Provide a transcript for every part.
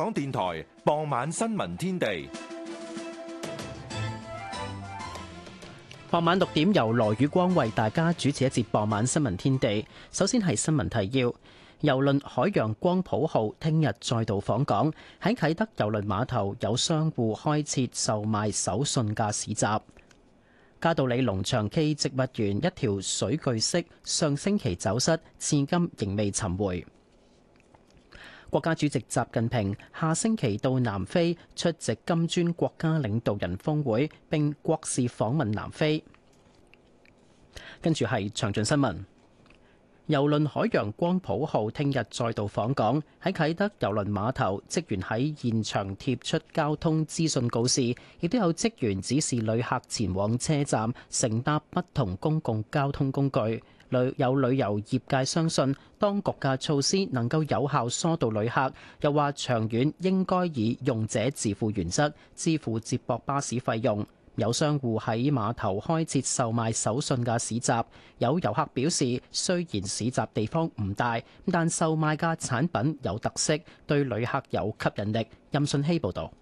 港電台傍晚新聞天地，傍晚六點由羅宇光為大家主持一節傍晚新聞天地。首先係新聞提要：郵輪海洋光譜號聽日再度訪港，喺啟德郵輪碼頭有商戶開設售賣手信嘅市集。嘉道理農場暨植物園一條水巨蜥上星期走失，至今仍未尋回。國家主席習近平下星期到南非出席金磚國家領導人峰會，並國事訪問南非。跟住係詳盡新聞。郵輪海洋光譜號聽日再度訪港。喺啟德郵輪碼頭，職員喺現場貼出交通資訊告示，亦都有職員指示旅客前往車站，乘搭不同公共交通工具。旅有旅遊業界相信，當局嘅措施能夠有效疏導旅客，又話長遠應該以用者自付原則支付接駁巴士費用。有商戶喺碼頭開設售賣手信嘅市集，有遊客表示，雖然市集地方唔大，但售賣嘅產品有特色，對旅客有吸引力。任信希報導。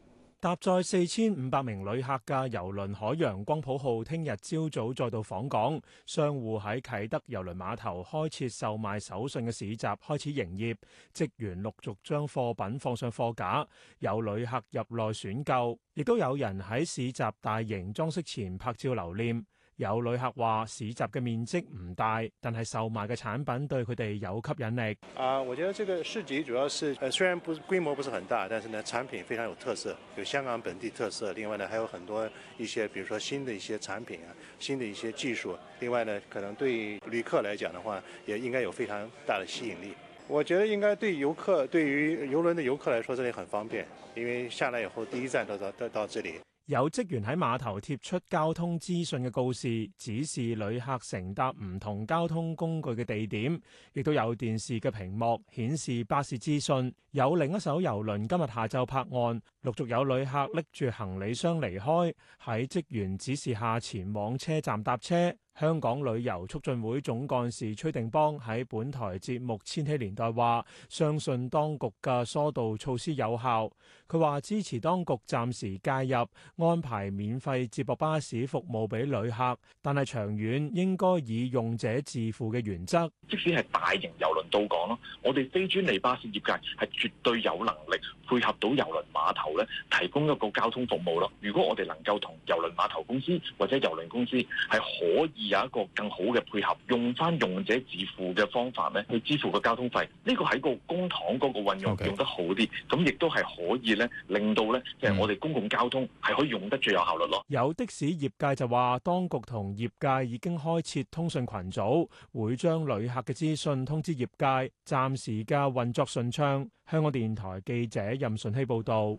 搭載四千五百名旅客嘅郵輪海洋光譜號，聽日朝早再度訪港。商戶喺啟德郵輪碼頭開設售賣手信嘅市集開始營業，職員陸續將貨品放上貨架，有旅客入內選購，亦都有人喺市集大型裝飾前拍照留念。有旅客話，市集嘅面積唔大，但係售賣嘅產品對佢哋有吸引力。啊，我覺得這個市集主要是，呃，雖然不是規模不是很大，但是呢產品非常有特色，有香港本地特色，另外呢還有很多一些，比如說新的一些產品啊，新的一些技術。另外呢，可能對旅客來講的話，也應該有非常大的吸引力。我覺得應該對遊客，對於郵輪的遊客來說，這裏很方便，因為下來以後第一站都到都到，到這裏。有職員喺碼頭貼出交通資訊嘅告示，指示旅客乘搭唔同交通工具嘅地點，亦都有電視嘅屏幕顯示巴士資訊。有另一艘郵輪今日下晝泊岸，陸續有旅客拎住行李箱離開，喺職員指示下前往車站搭車。香港旅遊促進會總幹事崔定邦喺本台節目《千禧年代》話：相信當局嘅疏導措施有效。佢話支持當局暫時介入安排免費接駁巴士服務俾旅客，但係長遠應該以用者自負嘅原則。即使係大型郵輪到港咯，我哋非專利巴士業界係絕對有能力配合到郵輪碼頭咧，提供一個交通服務咯。如果我哋能夠同郵輪碼頭公司或者郵輪公司係可以。有一個更好嘅配合，用翻用者自付嘅方法呢去支付個交通費，呢個喺個公帑嗰個運用 Okay. 用得好啲，咁亦都係可以呢令到呢。即係我哋公共交通係可以用得最有效率咯。有的士業界就話，當局同業界已經開設通訊群組，會將旅客嘅資訊通知業界，暫時嘅運作順暢。香港電台記者任順希報導。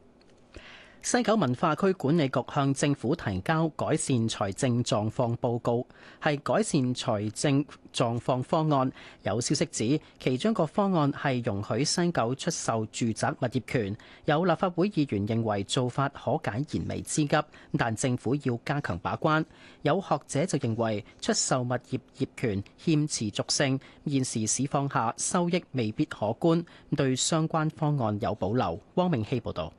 西九文化區管理局向政府提交改善財政狀況報告，係改善財政狀況方案。有消息指，其中個方案係容許西九出售住宅物業權。有立法會議員認為做法可解燃眉之急，但政府要加強把關。有學者就認為出售物業業權欠持續性，現時市況下收益未必可觀，對相關方案有保留。汪明希報導。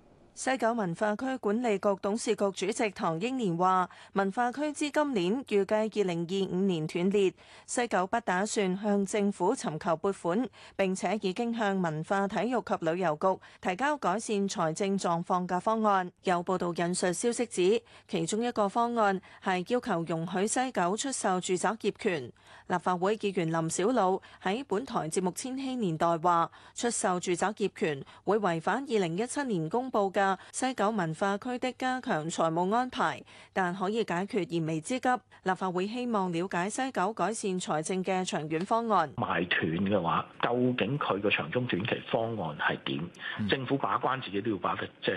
西九文化區管理局董事局主席唐英年話：文化區資金鏈預計二零二五年斷裂，西九不打算向政府尋求撥款，並且已經向文化、體育及旅遊局提交改善財政狀況嘅方案。有報道引述消息指，其中一個方案係要求容許西九出售住宅業權。立法會議員林筱魯喺本台節目《千禧年代》話：出售住宅業權會違反二零一七年公布嘅。西九文化區的加強財務安排，但可以解決燃眉之急。立法會希望了解西九改善財政嘅長遠方案。賣斷嘅話，究竟佢嘅長中短期方案係點？嗯、政府把關自己都要把握即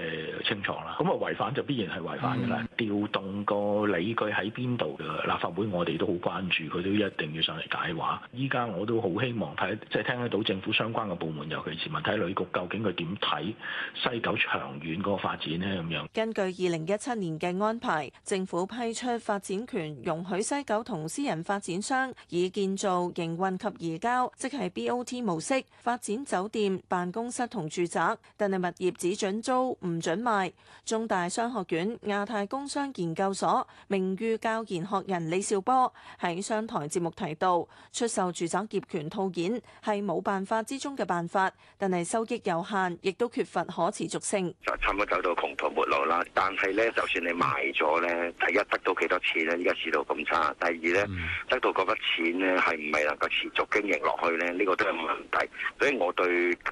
清楚啦。咁啊，違反就必然係違反㗎啦。嗯調動個理據喺邊度？嘅立法會我哋都好關注，佢都一定要上嚟解話。依家我都好希望睇，即係聽得到政府相關嘅部門，尤其是文體旅局，究竟佢點睇西九長遠個發展咧？咁樣根據二零一七年嘅安排，政府批出發展權容許西九同私人發展商以建造、營運及移交，即係 BOT 模式發展酒店、辦公室同住宅，但係物業只准租唔准賣。中大商學院亞太公工商研究所名譽教研學人李兆波喺商台節目提到，出售住宅業權套現係冇辦法之中嘅辦法，但係收益有限，亦都缺乏可持續性。就差唔多走到窮途末路啦。但係咧，就算你賣咗咧，第一得到幾多錢咧？依家市道咁差，第二咧得到嗰筆錢咧係唔係能夠持續經營落去咧？呢個都有問題。所以我對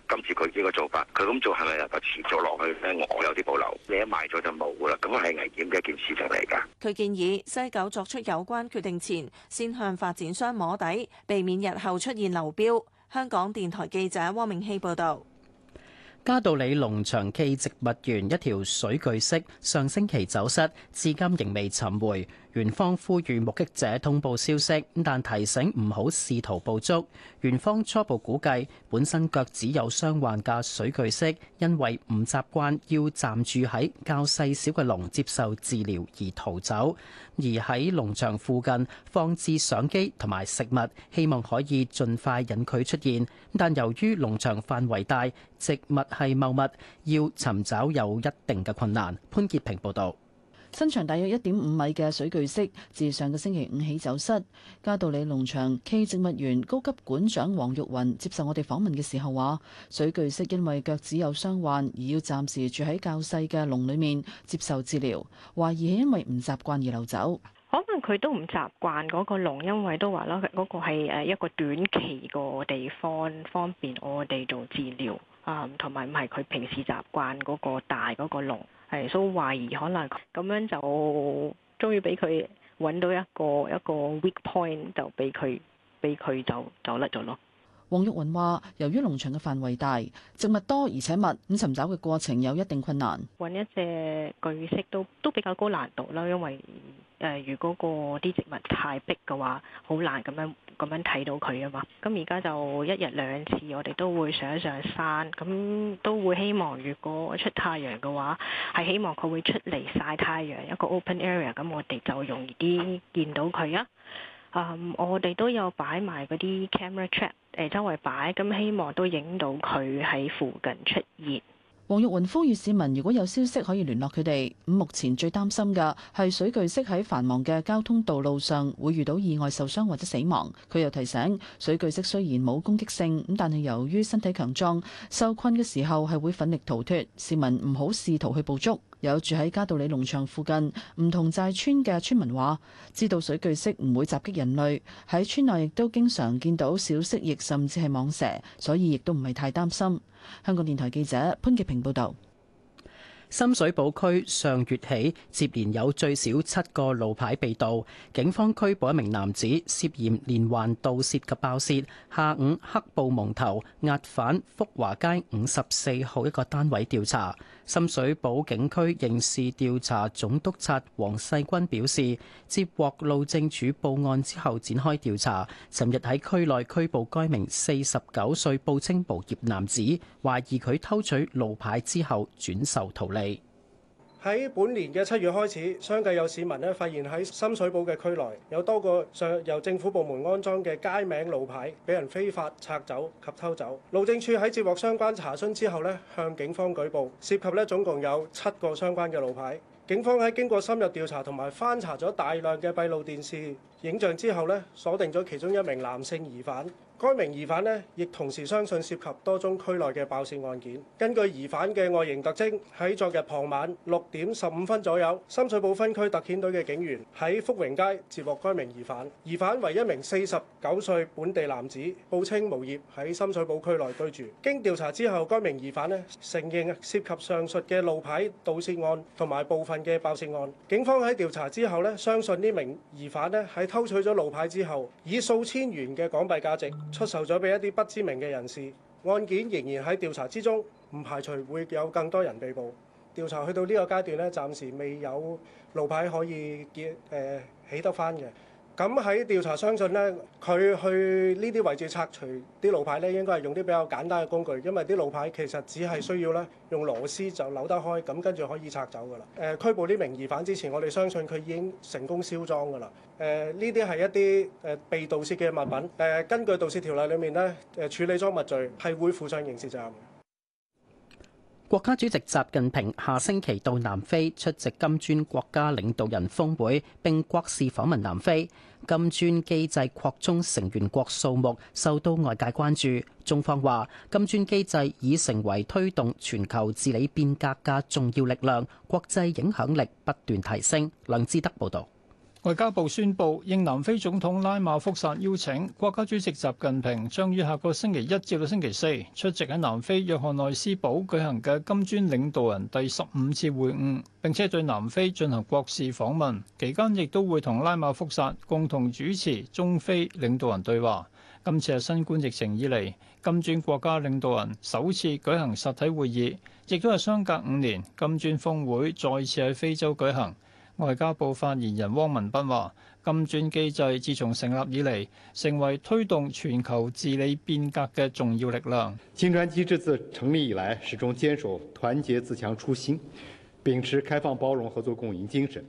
今次佢呢個做法，佢咁做係咪能夠持續落去咧？我有啲保留。你一賣咗就冇噶啦，咁係危險嘅。件事佢建議西九作出有關決定前，先向發展商摸底，避免日後出現流標。香港電台記者汪明希報導。嘉道理農場暨植物園一條水巨蜥上星期走失，至今仍未尋回。園方呼籲目擊者通報消息，但提醒唔好試圖捕捉。園方初步估計，本身腳趾有傷患嘅水巨蜥，因為唔習慣要暫住喺較細小嘅籠接受治療而逃走，而喺農場附近放置相機同埋食物，希望可以盡快引佢出現。但由於農場範圍大，植物係茂密，要尋找有一定嘅困難。潘潔平報導。身長大約一點五米嘅水巨蜥自上個星期五起走失。加道理農場暨植物園高級館長黃玉雲接受我哋訪問嘅時候話，水巨蜥因為腳趾有傷患而要暫時住喺較細嘅籠裏面接受治療，懷疑係因為唔習慣而流走。可能佢都唔習慣嗰個籠，因為都話啦，嗰個係誒一個短期個地方，方便我哋做治療啊，同埋唔係佢平時習慣嗰個大嗰個籠。係，所以，so，懷疑可能咁樣就終於俾佢揾到一個一個 weak point，就俾佢俾佢就就甩咗咯。黃玉雲話，由於農場嘅範圍大，植物多而且密，咁尋找嘅過程有一定困難。揾一隻巨蜥都都比較高難度啦，因為誒，如果個啲植物太逼嘅話，好難咁樣咁樣睇到佢啊嘛。咁而家就一日兩次，我哋都會上一上山，咁都會希望如果出太陽嘅話，係希望佢會出嚟曬太陽，一個 open area，咁我哋就容易啲見到佢啊。嗯，我哋都有擺埋嗰啲 camera trap，誒周圍擺，咁希望都影到佢喺附近出現。黃玉雲呼籲市民如果有消息可以聯絡佢哋。咁目前最擔心嘅係水巨蜥喺繁忙嘅交通道路上會遇到意外受傷或者死亡。佢又提醒，水巨蜥雖然冇攻擊性，咁但係由於身體強壯，受困嘅時候係會奮力逃脱。市民唔好試圖去捕捉。有住喺加道里農場附近唔同寨村嘅村民話，知道水巨蜥唔會襲擊人類，喺村內亦都經常見到小蜥蜴甚至係蟒蛇，所以亦都唔係太擔心。香港電台記者潘潔平報導。深水埗區上月起接連有最少七個路牌被盜，警方拘捕一名男子涉嫌連環盜竊及爆竊。下午黑布蒙頭押返福華街五十四號一個單位調查。深水埗警區刑事調查總督察黃世軍表示，接獲路政署報案之後，展開調查。尋日喺區內拘捕該名四十九歲報稱無業男子，懷疑佢偷取路牌之後轉售圖利。喺本年嘅七月開始，相繼有市民呢，發現喺深水埗嘅區內有多個上由政府部門安裝嘅街名路牌俾人非法拆走及偷走。路政署喺接獲相關查詢之後呢，向警方舉報涉及呢，總共有七個相關嘅路牌。警方喺經過深入調查同埋翻查咗大量嘅閉路電視影像之後呢，鎖定咗其中一名男性疑犯。該名疑犯呢，亦同時相信涉及多宗區內嘅爆竊案件。根據疑犯嘅外形特徵，喺昨日傍晚六點十五分左右，深水埗分區特遣隊嘅警員喺福榮街接獲該名疑犯。疑犯為一名四十九歲本地男子，報稱無業，喺深水埗區內居住。經調查之後，該名疑犯呢承認涉及上述嘅路牌盜竊案同埋部分嘅爆竊案。警方喺調查之後呢，相信呢名疑犯呢，喺偷取咗路牌之後，以數千元嘅港幣價值。出售咗俾一啲不知名嘅人士，案件仍然喺調查之中，唔排除會有更多人被捕。調查去到呢個階段咧，暫時未有路牌可以解誒、呃、起得翻嘅。咁喺調查，相信呢，佢去呢啲位置拆除啲路牌呢，應該係用啲比較簡單嘅工具，因為啲路牌其實只係需要呢，用螺絲就扭得開，咁跟住可以拆走噶啦。誒、呃、拘捕呢名疑犯之前，我哋相信佢已經成功銷贓噶啦。誒呢啲係一啲誒被盜竊嘅物品。誒、呃、根據盜竊條例裏面呢，誒處理贓物罪係會負上刑事責任。國家主席習近平下星期到南非出席金磚國家領導人峰會並國事訪問南非。金磚機制擴充成員國數目，受到外界關注。中方話，金磚機制已成為推動全球治理變革嘅重要力量，國際影響力不斷提升。梁志德報導。外交部宣布，應南非總統拉馬福薩邀請，國家主席習近平將於下個星期一至到星期四出席喺南非約翰內斯堡舉行嘅金磚領導人第十五次會晤，並且對南非進行國事訪問。期間亦都會同拉馬福薩共同主持中非領導人對話，今次係新冠疫情以嚟金磚國家領導人首次舉行實體會議，亦都係相隔五年金磚峰會再次喺非洲舉行。外交部發言人汪文斌話，金磚機制自從成立以嚟，成為推動全球治理變革嘅重要力量。金磚機制自成立以來，始終堅守團結自強初心，秉持開放包容合作共贏精神，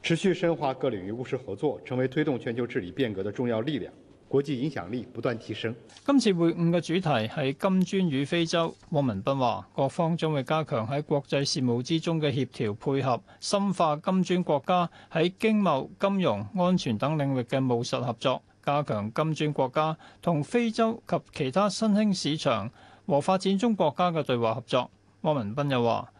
持續深化各領域務實合作，成為推動全球治理變革的重要力量。國際影響力不斷提升。今次會晤嘅主題係金磚與非洲。汪文斌話：各方將會加強喺國際事務之中嘅協調配合，深化金磚國家喺經貿、金融、安全等領域嘅務實合作，加強金磚國家同非洲及其他新興市場和發展中國家嘅對話合作。汪文斌又話：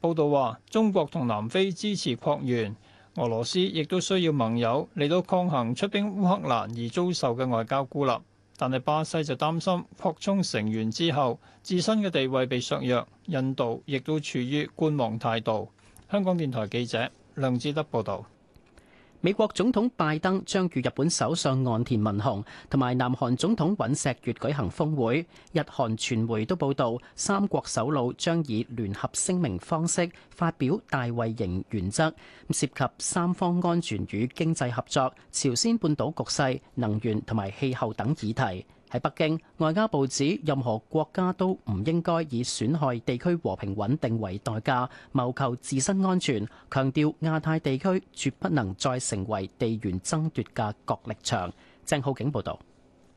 報道話，中國同南非支持擴員，俄羅斯亦都需要盟友嚟到抗衡出兵烏克蘭而遭受嘅外交孤立。但係巴西就擔心擴充成員之後，自身嘅地位被削弱。印度亦都處於觀望態度。香港電台記者梁志德報導。美國總統拜登將與日本首相岸田文雄同埋南韓總統尹錫悅舉行峰會，日韓傳媒都報道，三國首腦將以聯合聲明方式發表大衛營原則，涉及三方安全與經濟合作、朝鮮半島局勢、能源同埋氣候等議題。喺北京，外交部指任何國家都唔應該以損害地區和平穩定為代價謀求自身安全，強調亞太地區絕不能再成為地緣爭奪嘅角力場。鄭浩景報道，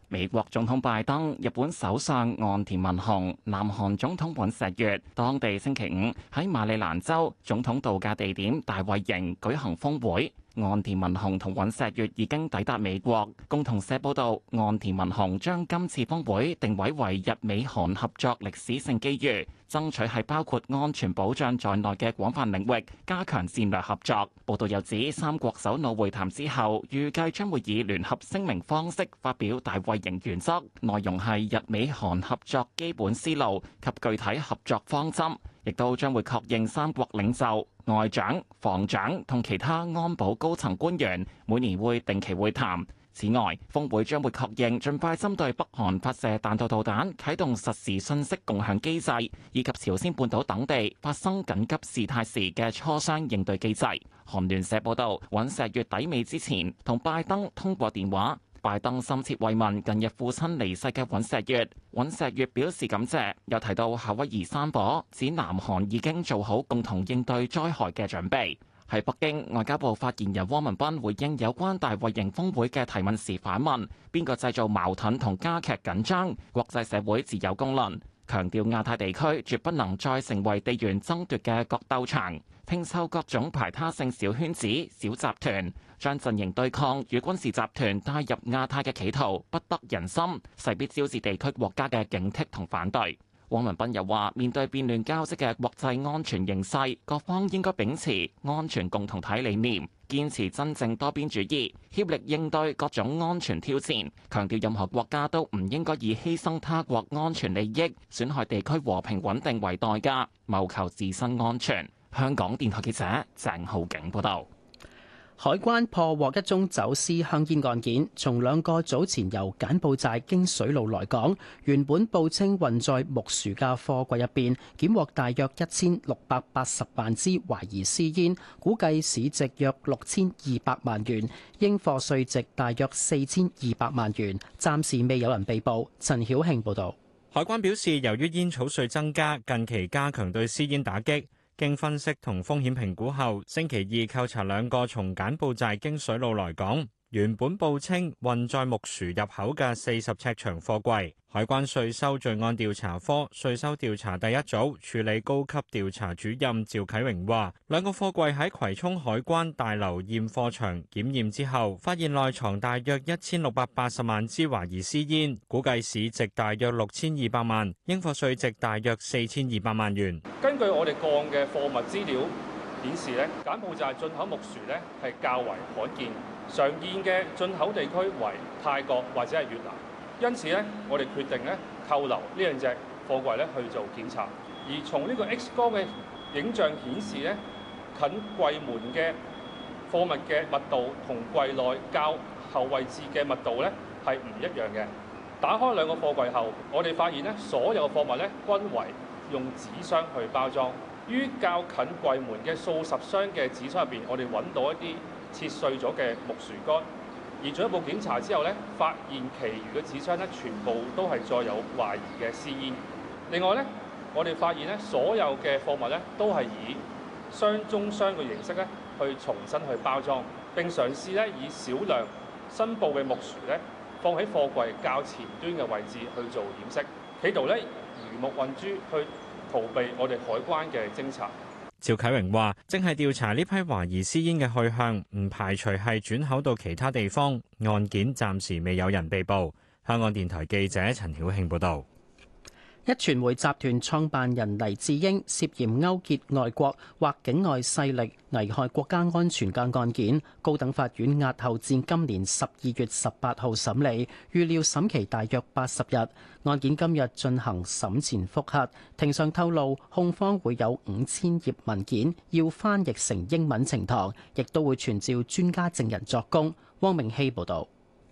美國總統拜登、日本首相岸田文雄、南韓總統尹錫悅當地星期五喺馬里蘭州總統度假地點大衛營舉行峰會。岸田文雄同尹錫悅已經抵達美國。共同社報道，岸田文雄將今次峰會定位為日美韓合作歷史性機遇，爭取係包括安全保障在內嘅廣泛領域加強戰略合作。報道又指，三國首腦會談之後，預計將會以聯合聲明方式發表大衞營原則，內容係日美韓合作基本思路及具體合作方針。亦都將會確認三國領袖、外長、防長同其他安保高層官員每年會定期會談。此外，峰會將會確認盡快針對北韓發射彈道導彈，啟動實時信息共享機制，以及朝鮮半島等地發生緊急事態時嘅磋商應對機制。韓聯社報道，尹錫月底尾之前同拜登通過電話。拜登深切慰問近日父親離世嘅尹錫悅，尹錫悅表示感謝，又提到夏威夷山火，指南韓已經做好共同應對災害嘅準備。喺北京，外交部發言人汪文斌回應有關大衛營峰會嘅提問時反問：「邊個製造矛盾同加劇緊張？國際社會自有公論。」強調亞太地區絕不能再成為地緣爭奪嘅角鬥場。拼湊各種排他性小圈子、小集團，將陣營對抗與軍事集團帶入亞太嘅企圖，不得人心，勢必招致地區國家嘅警惕同反對。汪文斌又話，面對變亂交織嘅國際安全形勢，各方應該秉持安全共同體理念，堅持真正多邊主義，協力應對各種安全挑戰。強調任何國家都唔應該以犧牲他國安全利益、損害地區和平穩定為代價，謀求自身安全。香港電台記者鄭浩景報道，海關破獲一宗走私香煙案件，從兩個早前由柬埔寨經水路來港，原本報稱運載木薯架貨櫃入邊，檢獲大約一千六百八十萬支懷疑私煙，估計市值約六千二百萬元，應課稅值大約四千二百萬元，暫時未有人被捕。陳曉慶報道，海關表示，由於煙草稅增加，近期加強對私煙打擊。經分析同風險評估後，星期二扣查兩個從柬埔寨經水路來港，原本報稱運載木薯入口嘅四十尺長貨櫃，海關稅收罪案調查科稅收調查第一組處理高級調查主任趙啟榮話：兩個貨櫃喺葵涌海關大樓驗貨場檢驗之後，發現內藏大約一千六百八十萬支懷疑私煙，估計市值大約六千二百萬，應課稅值大約四千二百萬元。根據我哋降嘅貨物資料顯示呢，柬埔寨進口木薯呢係較為罕見。常見嘅進口地區為泰國或者係越南，因此咧，我哋決定咧扣留呢兩隻貨櫃咧去做檢查。而從呢個 X 光嘅影像顯示咧，近櫃門嘅貨物嘅密度同櫃內較後位置嘅密度咧係唔一樣嘅。打開兩個貨櫃後，我哋發現咧所有貨物咧均為用紙箱去包裝。於較近櫃門嘅數十箱嘅紙箱入邊，我哋揾到一啲切碎咗嘅木薯乾，而進一步檢查之後咧，發現其餘嘅紙箱咧，全部都係載有懷疑嘅私煙。另外咧，我哋發現咧，所有嘅貨物咧，都係以箱中箱嘅形式咧，去重新去包裝，並嘗試咧以少量申報嘅木薯咧，放喺貨櫃較前端嘅位置去做掩飾，企圖咧魚目混珠去逃避我哋海關嘅偵查。趙啟榮話，正係調查呢批懷疑私煙嘅去向，唔排除係轉口到其他地方。案件暫時未有人被捕。香港電台記者陳曉慶報道。一傳媒集團創辦人黎智英涉嫌勾結外國或境外勢力危害國家安全嘅案件，高等法院押後至今年十二月十八號審理，預料審期大約八十日。案件今日進行審前複核，庭上透露控方會有五千頁文件要翻譯成英文呈堂，亦都會傳召專家證人作供。汪明希報道。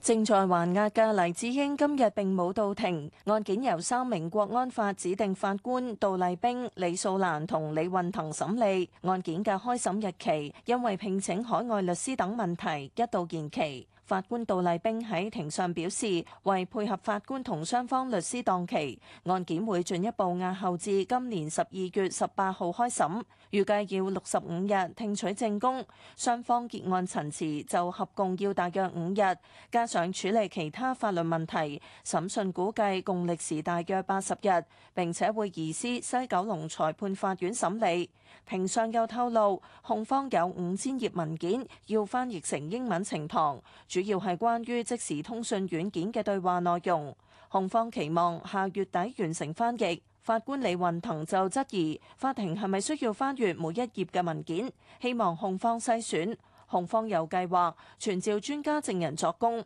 正在還押嘅黎智英今日並冇到庭，案件由三名國安法指定法官杜麗冰、李素蘭同李運騰審理。案件嘅開審日期因為聘請海外律師等問題一度延期。法官杜麗冰喺庭上表示，為配合法官同雙方律師檔期，案件會進一步押後至今年十二月十八號開審，預計要六十五日聽取證供，雙方結案陳詞就合共要大約五日，加上處理其他法律問題，審訊估計共歷時大約八十日，並且會移師西九龍裁判法院審理。庭上又透露，控方有五千頁文件要翻譯成英文呈堂，主要係關於即時通訊軟件嘅對話內容。控方期望下月底完成翻譯。法官李運騰就質疑法庭係咪需要翻閱每一頁嘅文件，希望控方篩選。控方有計劃傳召專家證人作供。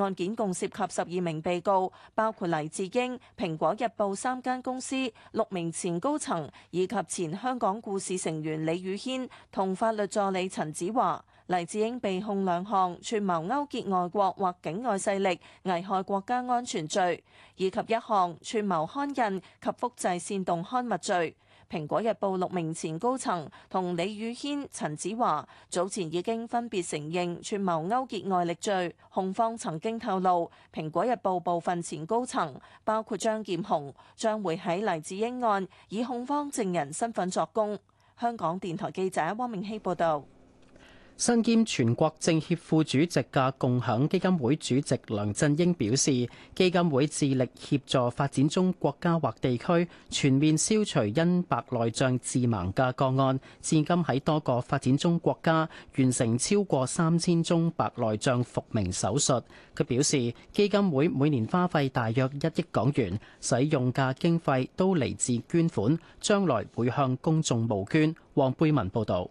案件共涉及十二名被告，包括黎智英、《蘋果日報》三間公司、六名前高層，以及前香港故事成員李宇軒同法律助理陳子華。黎智英被控兩項串謀勾結外國或境外勢力危害國家安全罪，以及一項串謀刊印及複製煽動刊物罪。《蘋果日報》六名前高層同李宇軒、陳梓華早前已經分別承認串謀勾結外力罪，控方曾經透露，《蘋果日報》部分前高層包括張劍虹將會喺黎智英案以控方證人身份作供。香港電台記者汪明熙報導。身兼全國政協副主席嘅共享基金會主席梁振英表示，基金會致力協助發展中國家或地區全面消除因白內障致盲嘅個案，至今喺多個發展中國家完成超過三千宗白內障復明手術。佢表示，基金會每年花費大約一億港元，使用嘅經費都嚟自捐款，將來會向公眾募捐。黃貝文報導。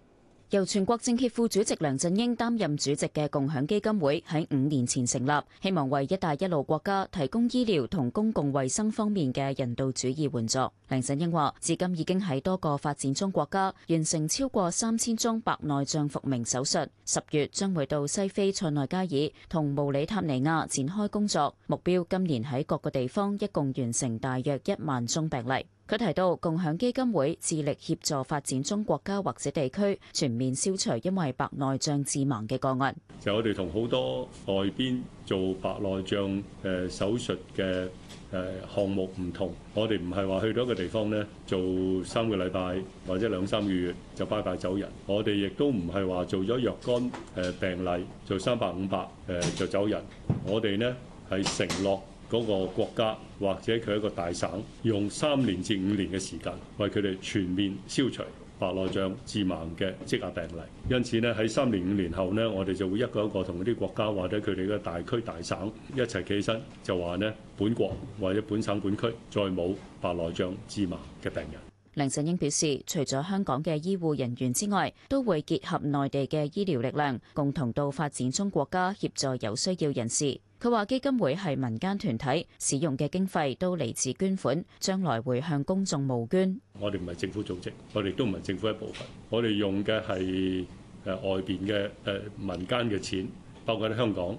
由全國政協副主席梁振英擔任主席嘅共享基金會喺五年前成立，希望為「一帶一路」國家提供醫療同公共衞生方面嘅人道主義援助。梁振英話，至今已經喺多個發展中國家完成超過三千宗白內障復明手術，十月將會到西非塞內加爾同毛里塔尼亞展開工作，目標今年喺各個地方一共完成大約一萬宗病例。佢提到，共享基金會致力協助發展中國家或者地區全面消除因為白內障致盲嘅個案。就我哋同好多外邊做白內障誒手術嘅誒項目唔同，我哋唔係話去到一個地方咧做三個禮拜或者兩三個月就拜拜走人。我哋亦都唔係話做咗若干誒病例做三百五百誒就走人。我哋咧係承諾，嗰個國家或者佢一個大省，用三年至五年嘅時間，為佢哋全面消除白內障致盲嘅積壓病例。因此咧，喺三年五年後呢，我哋就會一個一個同嗰啲國家或者佢哋嘅大區大省一齊企身，就話呢本國或者本省本區再冇白內障致盲嘅病人。梁振英表示，除咗香港嘅醫護人員之外，都會結合內地嘅醫療力量，共同到發展中國家協助有需要人士。佢話：基金會係民間團體，使用嘅經費都嚟自捐款，將來會向公眾募捐。我哋唔係政府組織，我哋都唔係政府一部分，我哋用嘅係誒外邊嘅誒民間嘅錢，包括喺香港、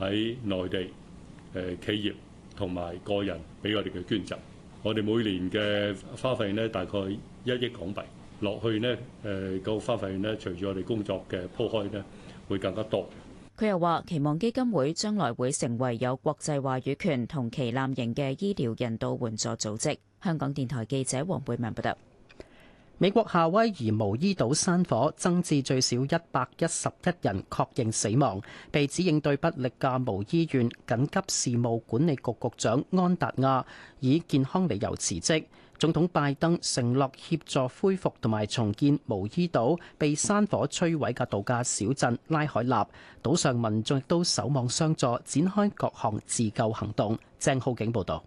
喺內地、誒企業同埋個人俾我哋嘅捐贈。我哋每年嘅花費咧，大概一億港幣落去咧，誒個花費咧，隨住我哋工作嘅鋪開咧，會更加多。佢又話：期望基金會將來會成為有國際話語權同旗艦型嘅醫療人道援助組織。香港電台記者黃貝文報道。美國夏威夷毛伊島山火增至最少一百一十一人確認死亡，被指應對不力嘅毛伊縣緊急事務管理局局長安達亞以健康理由辭職。總統拜登承諾協助恢復同埋重建毛伊島被山火摧毀嘅度假小鎮拉海納，島上民眾亦都守望相助，展開各項自救行動。鄭浩景報導。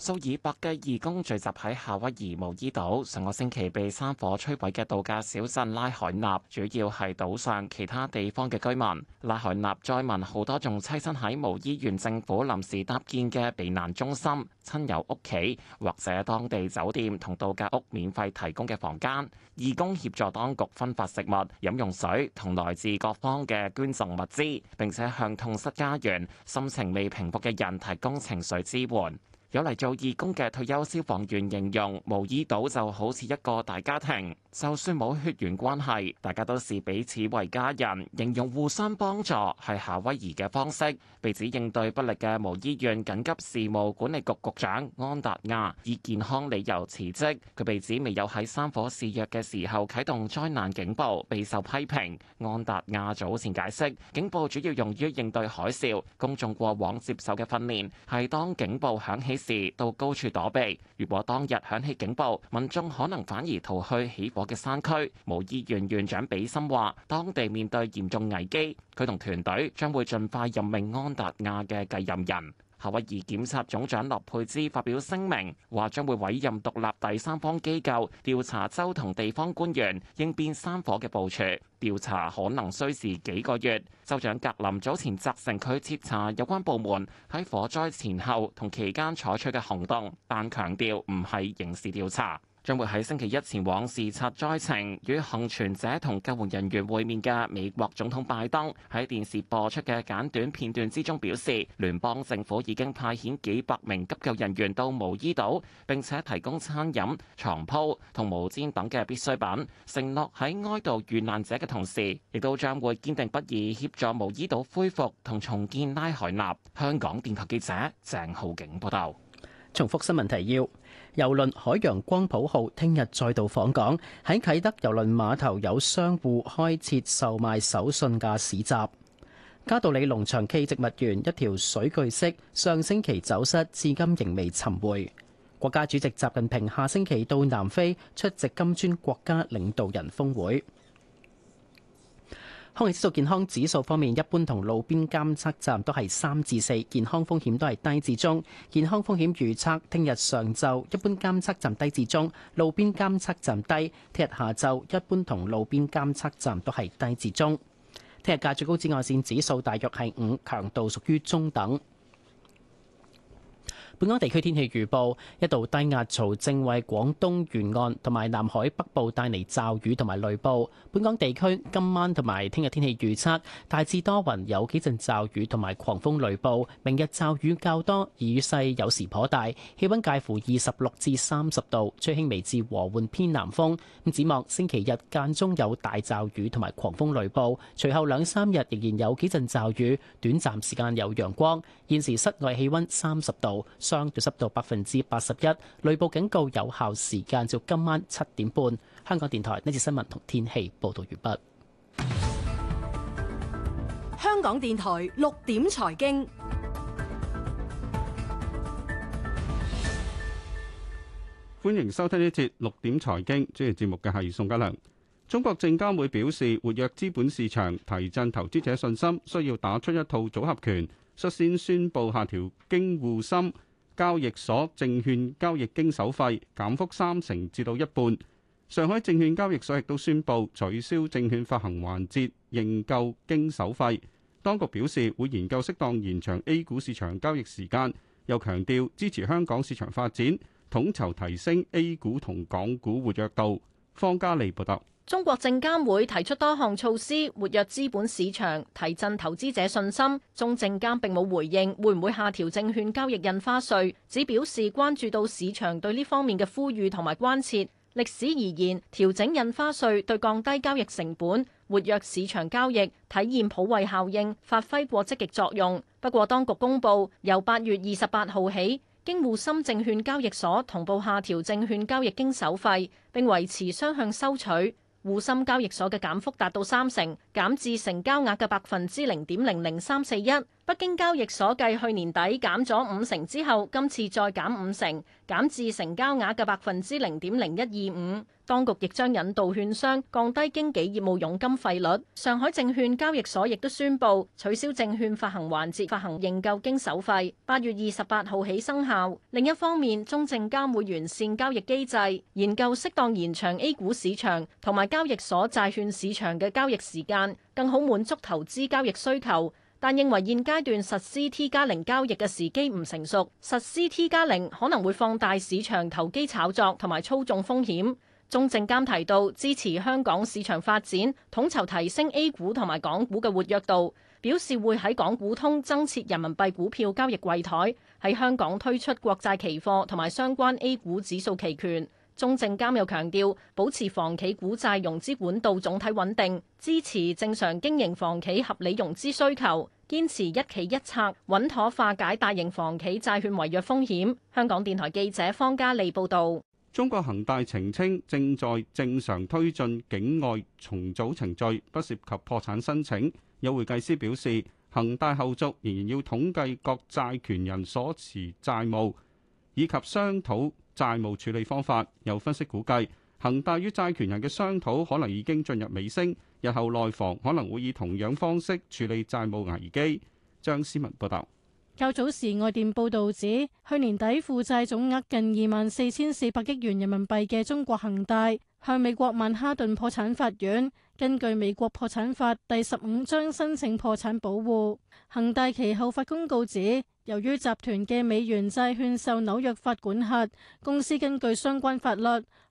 數以百計嘅義工聚集喺夏威夷毛伊島，上個星期被山火摧毀嘅度假小鎮拉海納，主要係島上其他地方嘅居民。拉海納災民好多仲棲身喺毛伊縣政府臨時搭建嘅避難中心、親友屋企或者當地酒店同度假屋免費提供嘅房間。義工協助當局分發食物、飲用水同來自各方嘅捐贈物資，並且向痛失家園、心情未平復嘅人提供情緒支援。有嚟做義工嘅退休消防員形容毛伊島就好似一個大家庭，就算冇血緣關係，大家都視彼此為家人。形容互相幫助係夏威夷嘅方式。被指應對不力嘅毛伊縣緊急事務管理局局長安達亞以健康理由辭職。佢被指未有喺山火肆虐嘅時候啟動災難警報，備受批評。安達亞早前解釋，警報主要用於應對海嘯，公眾過往接受嘅訓練係當警報響起時到高處躲避。如果當日響起警報，民眾可能反而逃去起火嘅山區。毛伊郡長比森話，當地面對嚴重危機，佢同團隊將會盡快任命安達亞嘅繼任人。夏威夷檢察總長洛佩茲發表聲明，話將會委任獨立第三方機構調查州同地方官員應變山火嘅部署，調查可能需時幾個月。州長格林早前責成佢徹查有關部門喺火災前後同期間採取嘅行動，但強調唔係刑事調查。將會喺星期一前往視察災情與幸存者同救援人員會面嘅美國總統拜登，喺電視播出嘅簡短片段之中表示，聯邦政府已經派遣幾百名急救人員到毛伊島，並且提供餐飲、床鋪同毛氈等嘅必需品，承諾喺哀悼遇難者嘅同時，亦都將會堅定不移協助毛伊島恢復同重建拉海納。香港電台記者鄭浩景報道。重複新聞提要。郵輪海洋光譜號聽日再度訪港，喺啟德郵輪碼頭有商戶開設售賣手信嘅市集。嘉道理農場暨植物園一條水巨蜥上星期走失，至今仍未尋回。國家主席習近平下星期到南非出席金磚國家領導人峰會。空氣質素健康指數方面，一般同路邊監測站都係三至四，健康風險都係低至中。健康風險預測，聽日上晝一般監測站低至中，路邊監測站低；聽日下晝一般同路邊監測站都係低至中。聽日嘅最高紫外線指數大約係五，強度屬於中等。本港地區天氣預報：一道低壓槽正為廣東沿岸同埋南海北部帶嚟驟雨同埋雷暴。本港地區今晚同埋聽日天氣預測大致多雲，有幾陣驟雨同埋狂風雷暴。明日驟雨較多，雨勢有時頗大，氣温介乎二十六至三十度，吹輕微至和緩偏南風。咁展望星期日間中有大驟雨同埋狂風雷暴，隨後兩三日仍然有幾陣驟雨，短暫時間有陽光。現時室外氣温三十度。相對濕度百分之八十一，雷暴警告有效時間就今晚七點半。香港電台呢次新聞同天氣報道完畢。香港電台六點財經，歡迎收聽呢節六點財經。主持節目嘅係宋家良。中國證監會表示，活躍資本市場、提振投資者信心，需要打出一套組合拳。率先宣布下調京滬深。交易所證券交易經手費減幅三成至到一半，上海證券交易所亦都宣布取消證券發行環節認購經手費，當局表示會研究適當延長 A 股市場交易時間，又強調支持香港市場發展，統籌提升 A 股同港股活躍度。方嘉利報道。中國證監會提出多項措施，活躍資本市場，提振投資者信心。中證監並冇回應會唔會下調證券交易印花稅，只表示關注到市場對呢方面嘅呼籲同埋關切。歷史而言，調整印花稅對降低交易成本、活躍市場交易、體現普惠效應、發揮過積極作用。不過，當局公布由八月二十八號起，京滬深證券交易所同步下調證券交易經手費，並維持雙向收取。滬深交易所嘅減幅達到三成，減至成交額嘅百分之零點零零三四一。北京交易所繼去年底減咗五成之後，今次再減五成，減至成交額嘅百分之零點零一二五。當局亦將引導券商降低經紀業務佣金費率。上海證券交易所亦都宣布取消證券發行環節發行認購經手費，八月二十八號起生效。另一方面，中證監會完善交易機制，研究適當延長 A 股市場同埋交易所債券市場嘅交易時間，更好滿足投資交易需求。但認為現階段實施 T 加零交易嘅時機唔成熟，實施 T 加零可能會放大市場投機炒作同埋操縱風險。中證監提到支持香港市場發展，統籌提升 A 股同埋港股嘅活躍度，表示會喺港股通增設人民幣股票交易櫃台，喺香港推出國債期貨同埋相關 A 股指數期權，中證監又強調保持房企股債融資管道總體穩定，支持正常經營房企合理融資需求，堅持一企一策，穩妥化解大型房企債券違約風險，香港電台記者方嘉莉報道。中國恆大澄清，正在正常推進境外重組程序，不涉及破產申請。有會計師表示，恆大後續仍然要統計各債權人所持債務，以及商討債務處理方法。有分析估計，恆大與債權人嘅商討可能已經進入尾聲，日後內房可能會以同樣方式處理債務危機。張思文報道。較早時，外電報道指，去年底負債總額近二萬四千四百億元人民幣嘅中國恒大，向美國曼哈頓破產法院，根據美國破產法第十五章申請破產保護。恒大其後發公告指，由於集團嘅美元債券受紐約法管轄，公司根據相關法律，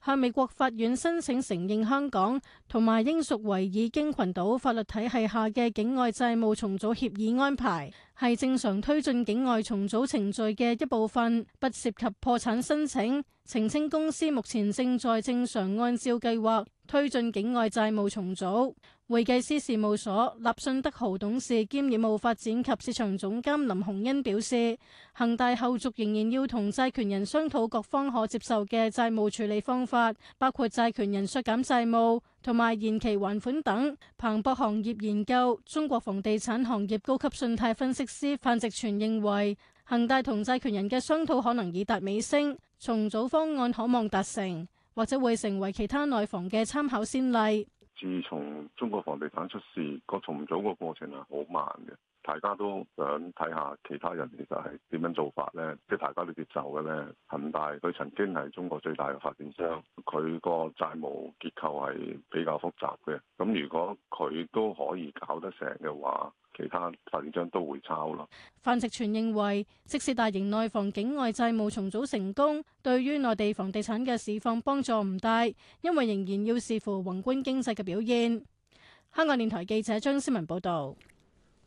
向美國法院申請承認香港同埋英屬維爾京群島法律體系下嘅境外債務重組協議安排。係正常推進境外重組程序嘅一部分，不涉及破產申請。澄清公司目前正在正常按照計劃推進境外債務重組。會計師事務所立信德豪董事兼業務發展及市場總監林洪恩表示，恒大後續仍然要同債權人商討各方可接受嘅債務處理方法，包括債權人削減債務同埋延期還款等。彭博行業研究中國房地產行業高級信貸分析師范植全認為，恒大同債權人嘅商討可能已達尾聲，重組方案可望達成，或者會成為其他內房嘅參考先例。自從中國房地產出事，個重組個過程係好慢嘅，大家都想睇下其他人其實係點樣做法呢？即係大家都接受嘅呢，恒大佢曾經係中國最大嘅發展商，佢個債務結構係比較複雜嘅，咁如果佢都可以搞得成嘅話，其他發展商都會抄咯。范植全認為，即使大型內房境外債務重組成功，對於內地房地產嘅市況幫助唔大，因為仍然要視乎宏觀經濟嘅表現。香港電台記者張思文報道。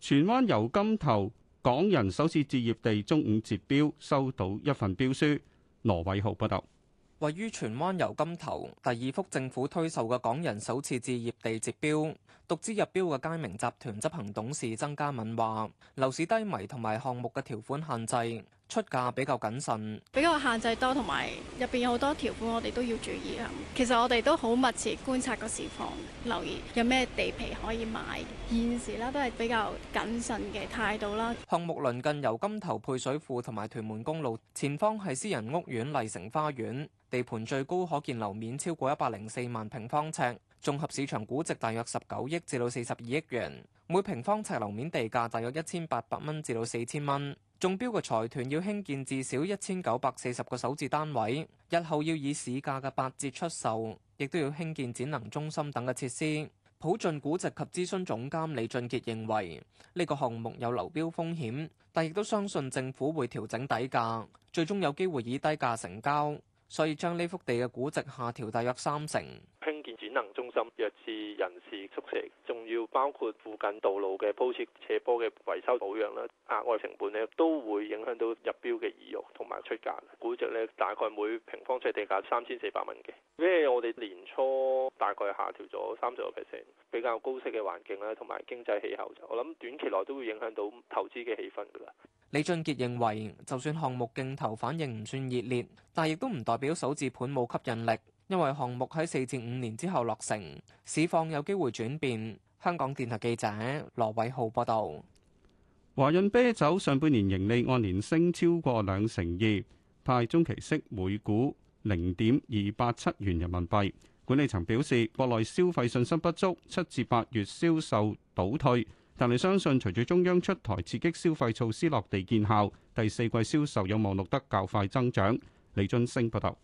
荃灣油金頭港人首次置業地中午截標，收到一份標書，羅偉豪報道。位於荃灣油金頭第二幅政府推售嘅港人首次置業地截標，獨資入標嘅佳明集團執行董事曾家敏話：樓市低迷同埋項目嘅條款限制。出價比較謹慎，比較限制多，同埋入邊有好多條款，我哋都要注意啦。其實我哋都好密切觀察個市況，留意有咩地皮可以買。現時啦，都係比較謹慎嘅態度啦。項目鄰近油柑頭配水庫同埋屯門公路，前方係私人屋苑麗城花園。地盤最高可建樓面超過一百零四萬平方尺，綜合市場估值大約十九億至到四十二億元，每平方尺樓面地價大約一千八百蚊至到四千蚊。中標嘅財團要興建至少一千九百四十個首置單位，日後要以市價嘅八折出售，亦都要興建展能中心等嘅設施。普進估值及諮詢總監李俊傑認為，呢、這個項目有流標風險，但亦都相信政府會調整底價，最終有機會以低價成交。所以將呢幅地嘅估值下調大約三成。興建展能中心、弱智人士宿舍，仲要包括附近道路嘅鋪設、斜坡嘅維修保養啦，額外成本咧都會影響到入標嘅意欲同埋出價。估值咧大概每平方尺地價三千四百蚊嘅，因為我哋年初大概下調咗三十個 percent。比較高息嘅環境啦，同埋經濟氣候，就我諗短期內都會影響到投資嘅氣氛㗎啦。李俊杰認為，就算項目競投反應唔算熱烈，但亦都唔代表數字盤冇吸引力，因為項目喺四至五年之後落成，市況有機會轉變。香港電台記者羅偉浩報道。華潤啤酒上半年盈利按年升超過兩成二，派中期息每股零點二八七元人民幣。管理層表示，國內消費信心不足，七至八月銷售倒退。但係相信，隨住中央出台刺激消費措施落地見效，第四季銷售有望錄得較快增長，李俊升報道。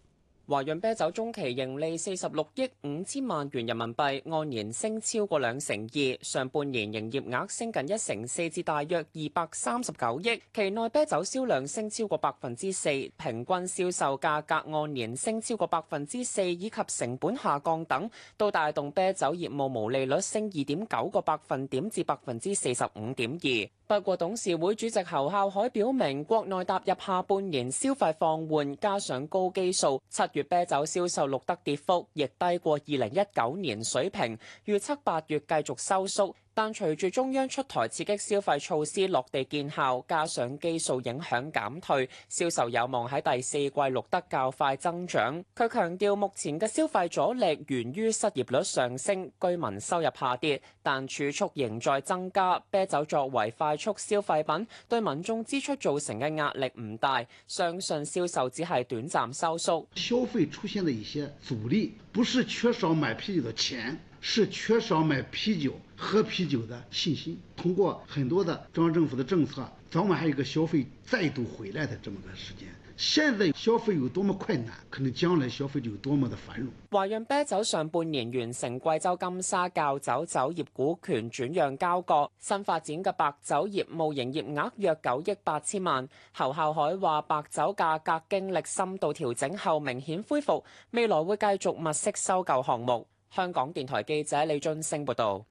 華潤啤酒中期盈利四十六億五千萬元人民幣，按年升超過兩成二。上半年營業額升近一成四，至大約二百三十九億。期內啤酒銷量升超過百分之四，平均銷售價格按年升超過百分之四，以及成本下降等，都帶動啤酒業務毛利率升二點九個百分點至百分之四十五點二。不過，董事會主席侯孝海表明，國內踏入下半年消費放緩，加上高基數，七月啤酒銷售錄得跌幅，亦低過二零一九年水平，預測八月繼續收縮。但隨住中央出台刺激消費措施落地見效，加上基數影響減退，銷售有望喺第四季錄得較快增長，佢強調目前嘅消費阻力源於失業率上升、居民收入下跌，但儲蓄仍在增加。啤酒作為快速消費品，對民眾支出造成嘅壓力唔大，相信銷售只係短暫收縮。消費出現了一些阻力，不是缺少買啤酒嘅錢，是缺少買啤酒。喝啤酒的信心，通過很多的中央政府的政策，早晚還有一個消費再度回來的這麼個時間。現在消費有多麼困難，可能將來消費就有多麼的繁榮。華潤啤酒上半年完成貴州金沙窖酒酒業股權轉讓交割，新發展嘅白酒業務營業額約九億八千萬。侯孝海話：白酒價格經歷深度調整後明顯恢復，未來會繼續物色收購項目。香港電台記者李俊升報道。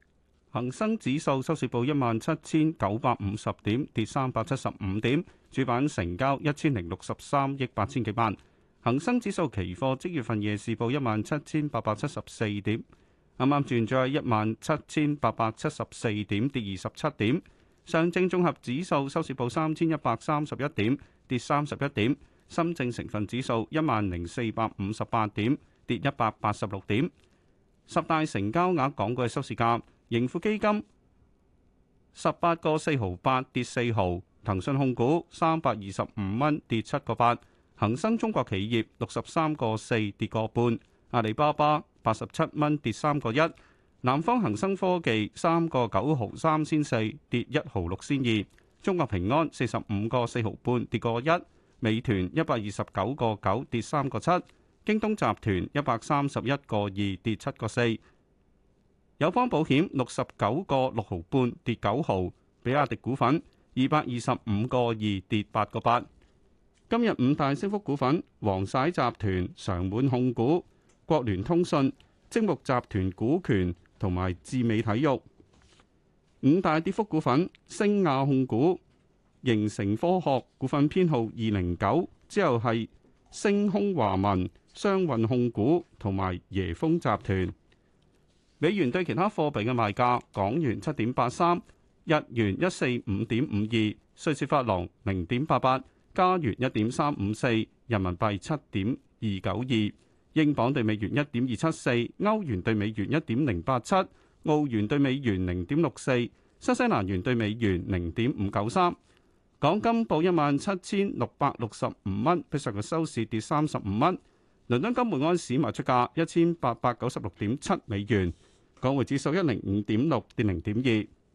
恒生指數收市報一萬七千九百五十點，跌三百七十五點，主板成交一千零六十三億八千幾萬。恒生指數期貨即月份夜市報一萬七千八百七十四點，啱啱轉咗係一萬七千八百七十四點，跌二十七點。上證綜合指數收市報三千一百三十一點，跌三十一點。深證成分指數一萬零四百五十八點，跌一百八十六點。十大成交額講句收市價。盈富基金十八個四毫八跌四毫，騰訊控股三百二十五蚊跌七個八，恒生中國企業六十三個四跌個半，阿里巴巴八十七蚊跌三個一，南方恒生科技三個九毫三仙四跌一毫六仙二，中國平安四十五個四毫半跌個一，美團一百二十九個九跌三個七，京東集團一百三十一個二跌七個四。友邦保險六十九個六毫半跌九毫，比亞迪股份二百二十五個二跌八個八。今日五大升幅股份：黃曬集團、常滿控股、國聯通訊、精木集團股權同埋智美體育。五大跌幅股份：星亞控股、形成科學股份編號二零九，之後係星空華文、商運控股同埋椰風集團。美元對其他貨幣嘅賣價：港元七點八三，日元一四五點五二，瑞士法郎零點八八，加元一點三五四，人民幣七點二九二，英鎊對美元一點二七四，歐元對美元一點零八七，澳元對美元零點六四，新西蘭元對美元零點五九三。港金報一萬七千六百六十五蚊，比上日收市跌三十五蚊。倫敦金每安士賣出價一千八百九十六點七美元。港匯指數一零五點六，跌零點二。